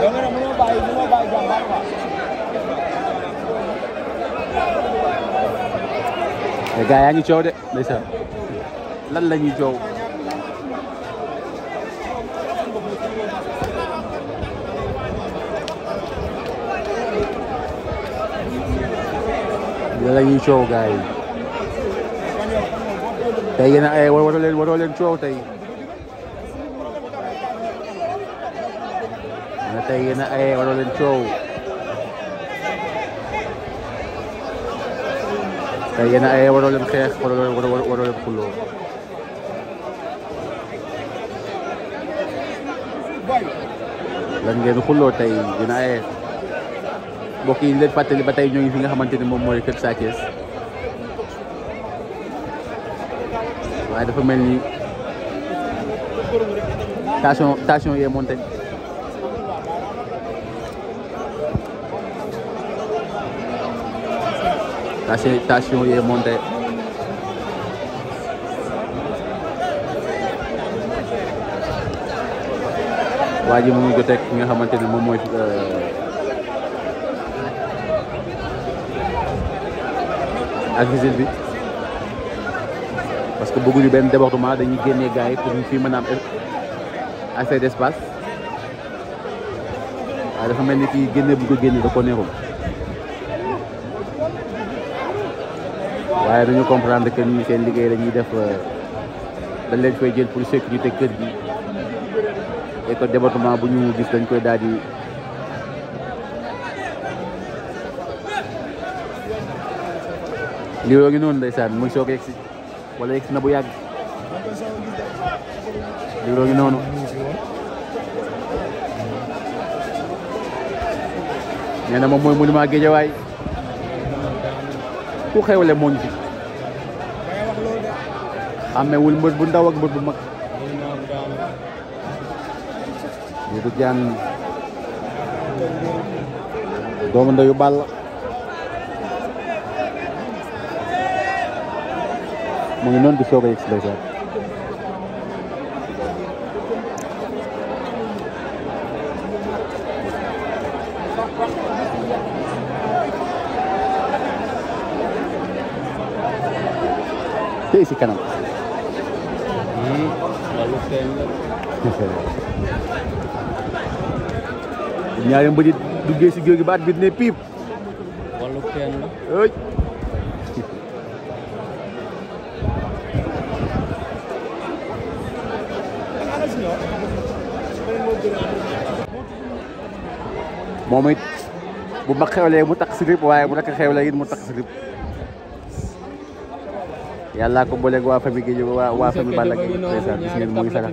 da nga yaa ngi coow de ndeysaan la ñuy coow. lan la ñuy yi. tey a waroo leen tey yéen a aye waroo leen coow tey yéen a aye waroo leen xeex waroo leen xuloo tey yéen aye mbokk yi leen fàttali ba tey ñoo ngi fi nga xamante ni moom mooy kër Sa Thiès waaye dafa mel ni tension tension yee monté La tension est montée. waa ji mu ngi ki nga xamante ne moom mooy ak visite bi parce que bëgguñu benn débordement dañuy génnee gars pour ñu fii mën a am espace waaye dafa mel ni kii génne bu ko génne da ko neexul waaye dañu comprendre que ñi seen liggéey la ñuy def euh, dañ leen fay jël pour sécurité kër gi et département bu ñu gis dañ koy daal di lii yoo ngi noonu ndeysaan muy soog a yegsi wala yegsi na bu yàgg lii yoo ngi noonu nee na moom mooy monument Guédiawaye ku xewle moo ngi fi xàmmewul mbër bu ndaw ak mbër bu mag li du jaan doomu ndeyu bàll mu ngi noonu di soog a yegg tey si kanam. ñaari mbëri duggee si géej gi baat bi ne piip. wàllu kenn la. moom bu ma xewlee mu takk si rib waaye bu naka xewlee it mu takk si yàllaa ko booleeg waa famille gi ñu waa waa famille Balla Gaye ndeysaan gis ngeen mu ngi sax da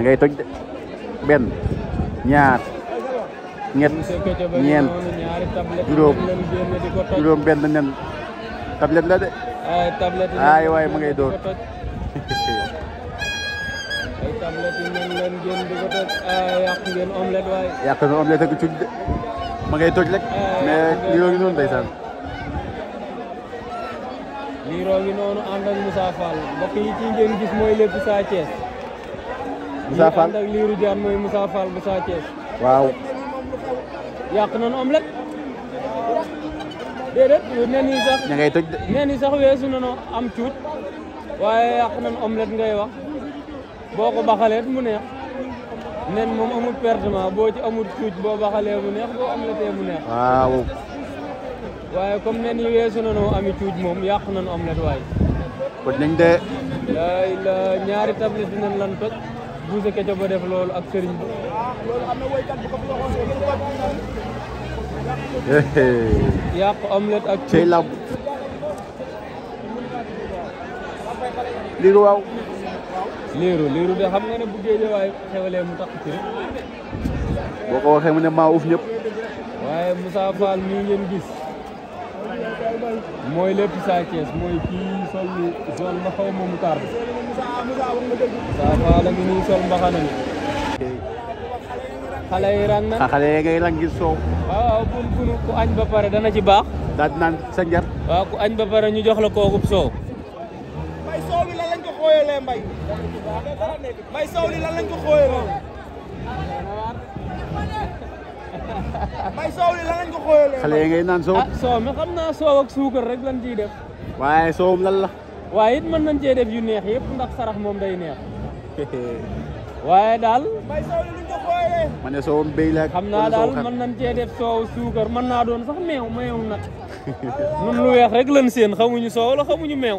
ngay toj benn ñaar ñett ñeent juróom benn nen tablette la de ay waay ma ngay door ay tablette na omelette ak cuuj de ma ngay toj rek mais li yooyu noonu ndeysaan liiroo ngi noonu ànd ak Moussa Fall yi ci ngeen gis mooy lépp Sa Thiès. Moussa Fall ànd ak liiru jaan mooy Moussa Fall bu Sa Thiès. sax. da ngay toj de. nen sax weesu nañu am cuut. waaye yàq nañu omelette ngay wax boo ko baxalee mu neex. nen moom amul perdement boo ci amul cuut boo baxalee mu neex boo omeletee mu neex. waaye comme nen yi weesu nañu ami cuuj moom yàqu nañu omelette waaye. kon nañ de. la ñaari tablette dinañ lan toj. buuse keco ba def loolu ak sëriñ bi. yàq omelette ak. cey làmb. liiru waaw. liiru liiru de xam nga ne bu géej waaye xewalee mu tax ci boo ko waxee ne maa uuf ñëpp. waaye Moussa Fall mii ngeen gis. mooy lépp Sa mooy kii sol sol ma xaw mu taar saa faa la ngi nii sol mbaxana mi xale yi na ah, xale yi ngay rang gis soow waaw bun ku añ ba pare dana ci baax daal naan sa njar ku añ ba pare ñu jox la kookub soow mbay soow li lan lañ ko xooyalee mbay may soow li la nga ko xoolee. xale yi ngay naan soow. Ah, soow mi xam naa soow suukar rek lan ciy def. waaye soowum lan la. waaye it mën nañ cee def yu neex yëpp ndax sarax moom day neex. waaye daal. may soow li luñ xam naa daal mën nañ cee def soow suukar mën naa doon sax meew meew nag. nun lu weex rek lan seen xamuñu soow la xamuñu meew.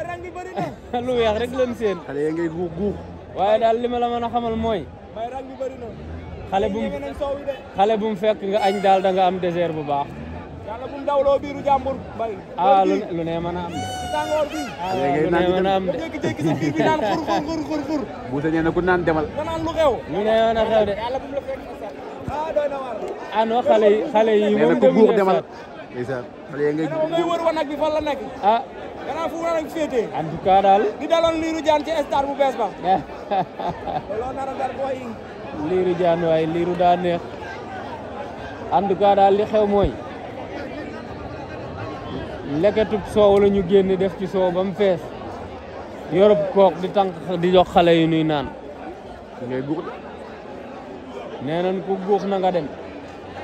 lu weex rek lan seen. xale yi ngay guux waaye daal li ma la mën a xamal mooy. may rang xale bu bu mu fekk nga añ daal danga am désert bu baax. yàlla ah, lu ne mën am de. tàngoor ah, lu ne mën de. jékki-jékki si bu sa ku naan demal. nga naan lu xew. lu ne mën a xew de. yàlla bu mu la ah, na waar. demal. liiru jaan waaye liiru daa neex en tout daal li xew mooy leketub soow la ñu génn def ci soow ba mu fees yorub kook di tànk di jox xale yu nuy naan ngay guux nee nañ ku guux na nga dem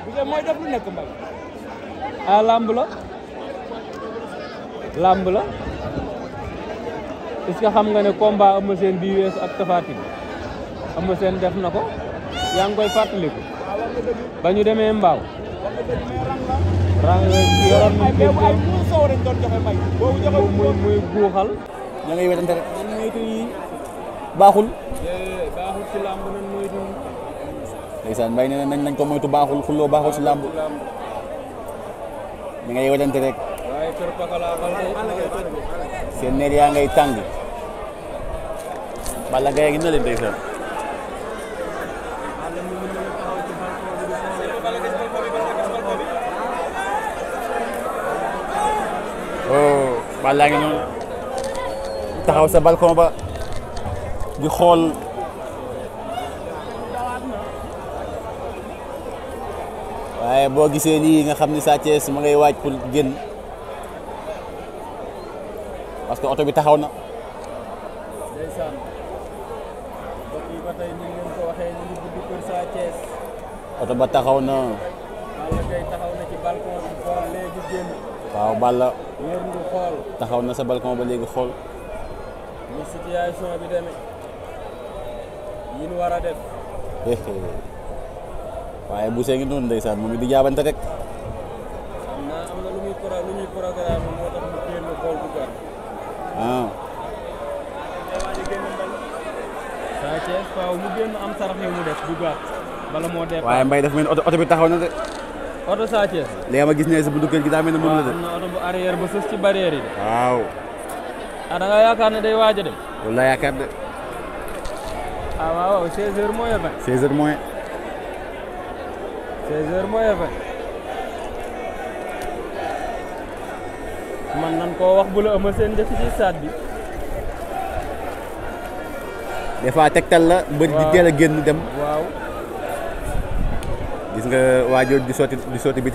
bu dee mooy def lu nekk mbag ah làmb la làmb la est xam nga ne combat Eumeu Sène bi weesu ak Tapha Tine Eumeu def na ko yaa ngi koy fàttaliku ba ñu demee mbaaw rang yoroon ngay wetante rek baaxul baaxul nañ nañ ko moytu baaxul xulloo baaxul si làmb ña ngay wetante rek seen neer yaa ngay tàng bala gay a ngi na leen ndeysaan Balla ngi noonu taxaw sa balcon ba di xool waaye boo gisee lii nga xam ni Sa Thiès ma ngay waaj pour génn parce que oto bi taxaw na ndeysaan ba oto ba taxaw na waaw Balla meer taxaw na sa balcon ba léegi xool. ni situation bi demee. yi ñu war a def. waaye bu see ngi noonu ndeysaan moom it di jaabante rek. xam naa am na lu muy pro lu muy programme moo tax mu génn ah. am sarax yu mu def bu gàtt bala moo def. waaye mbay daf mel ni oto bi taxaw na de. oto Sa Thiès. léegi ma gis ne sa buntu kër gi daa mel ne moom de. bu arrière ba sës ci barrière yi. waaw. ah da yaakaar ne day waaj a dem. yaakaar de. ah waaw waaw 16h moins 20. 16h moins. man nan koo wax bu la ëmb seen def ci stade bi. des fois tegtal la. waaw bët di génn dem. waaw. gis nga waa jooju di sotti di sotti bi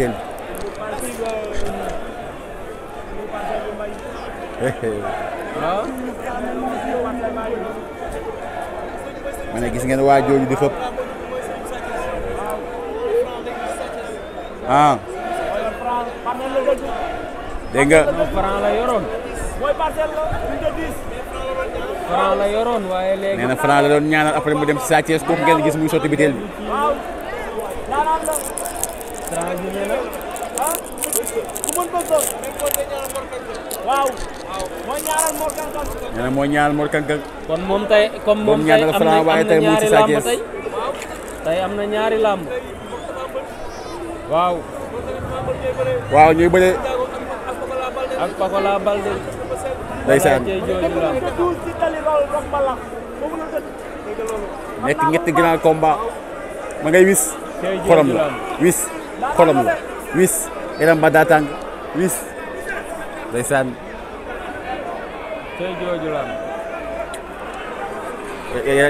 ma ne gis ngeen waa jooju di ah. nga franc la yoroon franc la yoroon waaye léegi la doon ñaanal après mu dem ci Sa Thiès ngeen gis muy sotti biteel bi Franc génne na. ah ku mën ba soog. waaw. moo ñaaral Mor Kankan. nee na moo ñaaral Mor Kankan. kon moom tey comme moom tey am na am na ñaari làmb tey. tey am na ñaari làmb. waaw. waaw ñuy bëre. ak Pakola Balde. ndeysaan nekk ñetti grand combat ma ngay wis. xorom la wis xorom la wis yaram ba daa tàng wis ndeysaan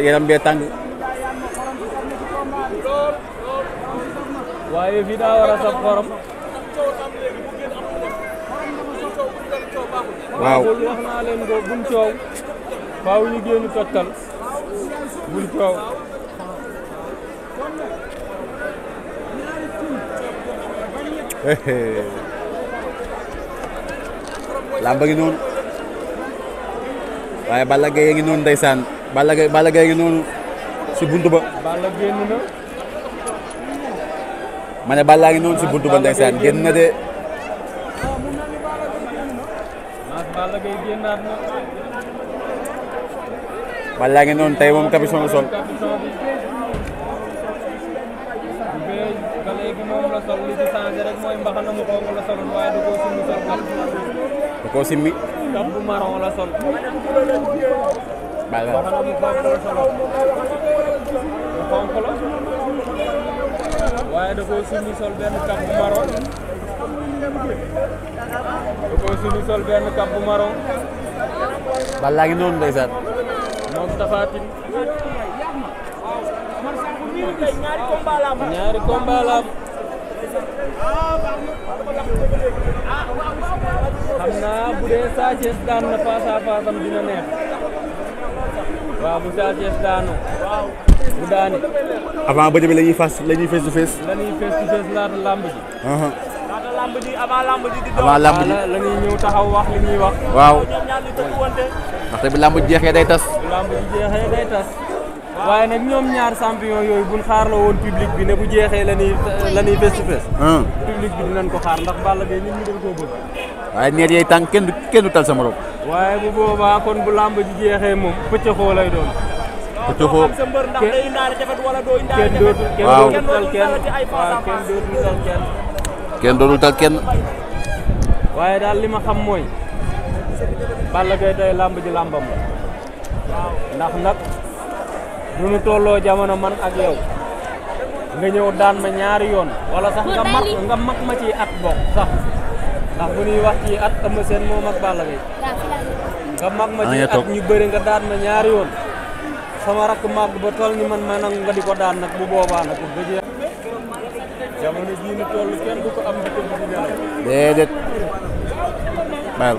yaram bee tàng waaye fii daa war a xorom waaw wax naa leen ko buñ coow faaw ñu génn tottal buñ coow làmba ngi noonu waaye bala Gaye a ngi noonu ndeysaan Balla noonu si buntu ba. Balla génn na. ma noonu si buntu ba ndeysaan génn na de. Balla Gaye génnaat na. noonu tey moom capuchon la moom la sol li ci changé rek mooy mbaxana mu xonq la sol da koo simmi sol bu marron la sol mu xonq la waaye da koo simmi sol benn cap bu marron da koo simmi sol benn cap bu marron balaa ngi noonu ndeysaan moom tafaatin ñaari combat la am xam naa bu dee Sa Thiès na face à dina neex waaw bu Sa Thiès bu daane. avant bëj bi la ñuy face to face. la face to face laata lamb ji. Uh-huh. laata lamb ji avant lamb ji. avant lamb wax li ñuy wax. waaw ndaxte bu lamb ji jeexee day tas. bu lamb ji jeexee day tas. waaye nag ñoom ñaar champion yooyu buñ xaarloo woon public bi ne bu jeexee la ñuy la ñuy face to face ah. public bi ko xaar ndax Balla Gaye nit ñi dañ koo bëgg waaye neet yay tànk kenn du tal sa morom waaye bu boobaa kon bu làmb ji jeexee moom pëccëxoo lay doon pëccëxoo kenn dootul kenn tal kenn kenn dootul tal tal kenn waaye daal lima xam mooy Balla Gaye tey làmb ji làmbam la ndax nag nu nu tolloo jamono man ak yow nga ñëw daan ma ñaari yoon wala sax nga mag ma ci at bokk sax ndax bu ñuy wax ci at Eumeu Sène moo mag Balla Gaye nga mag ma ah, ci at ñu bëri nga daan ma ñaari yoon sama rakk màgg ba toll ni man ma nangu nga di ko daan nag bu boobaa nag dëgg jamono jii ñu toll kenn du ko am di tëdd di nelaw déedéet baal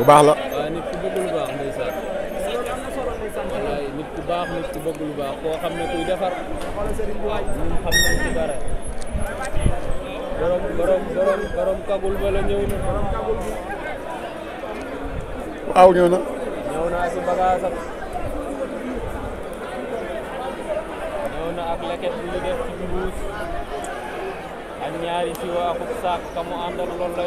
bu baax la. waaw nit ku bëgg lu baax ndeysaan. wallaay nit ku baax nit ku bëgg lu baax koo xam ne kuy defar. ñun xam nañ ci dara. borom borom borom kagul ba la ñëw na. waaw ñëw na. ñëw na ak bagage am. ñëw na ak leket bi ñu ci mbuus. ak ñaari siwa ak saak ka mu àndal loolu la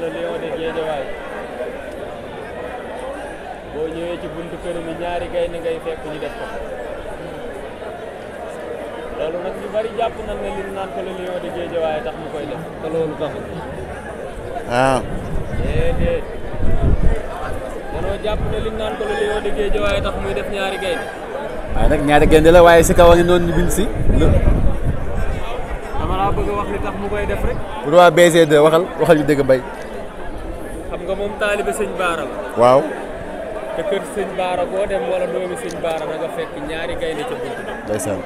la Lion de Guédiawaye boo ñëwee ci buntu kër ñaari gaynde ngay fekk ñu def ko loolu nag ñu bari jàpp nañ ne lim naan ko la Lion de Guédiawaye tax muy def ñaari gaynde. waaye nag ñaari gaynde la waaye si kaw a ngi noonu bind si. dama laa bëgg a wax li tax mu koy def rek. bu doon BG2 waxal waxal ñu dëgg mbay. moom taalibe sëñ Baara waaw. te kër sëñ Baara boo dem wala doomi sëñ Baara da nga fekk ñaari gaynde ca bunt. ndeysaan.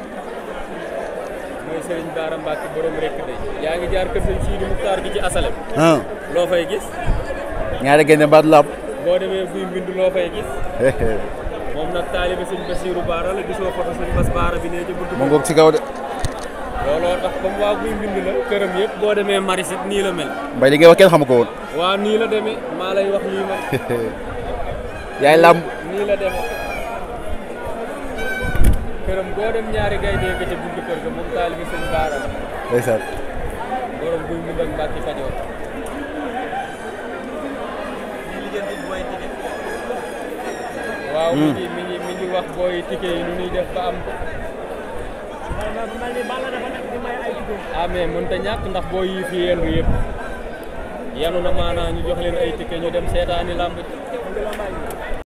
mooy sëñ Baara Mbacke borom rek de yaa ngi jaar kër sëñ Sidi Muxtaar gi ci asalem. loo fay gis. ñaari gaynde mbaat laab. boo demee buy mbind loo fay gis. moom nag taalibe sëñ Basiiru Baara la gisoo photo sëñ Bas Baara bi nee ca bunt. mu ngoog ci kaw de. looloo tax comme waa guy mbind la këram yëpp boo demee marisit nii la mel. mbay li ngay wax kenn xamu ko woon. waaw nii la demee maa lay wax lii ma. yaay làmb nii la demee. këram boo dem ñaari gay dee ca buntu kër ga moom taalibi sëñ Baara la. ndeysaan. borom guy mbind ak Mbàkke Kajoor. waaw hmm. mi ngi mi ngi mi ngi wax booy tike yi nu ñuy def ba am ko. ah mais mënut ñàkk ndax boo yii fi yendu yëpp yenu na maanaam ñu jox leen ay ticket ñu dem seetaani làmb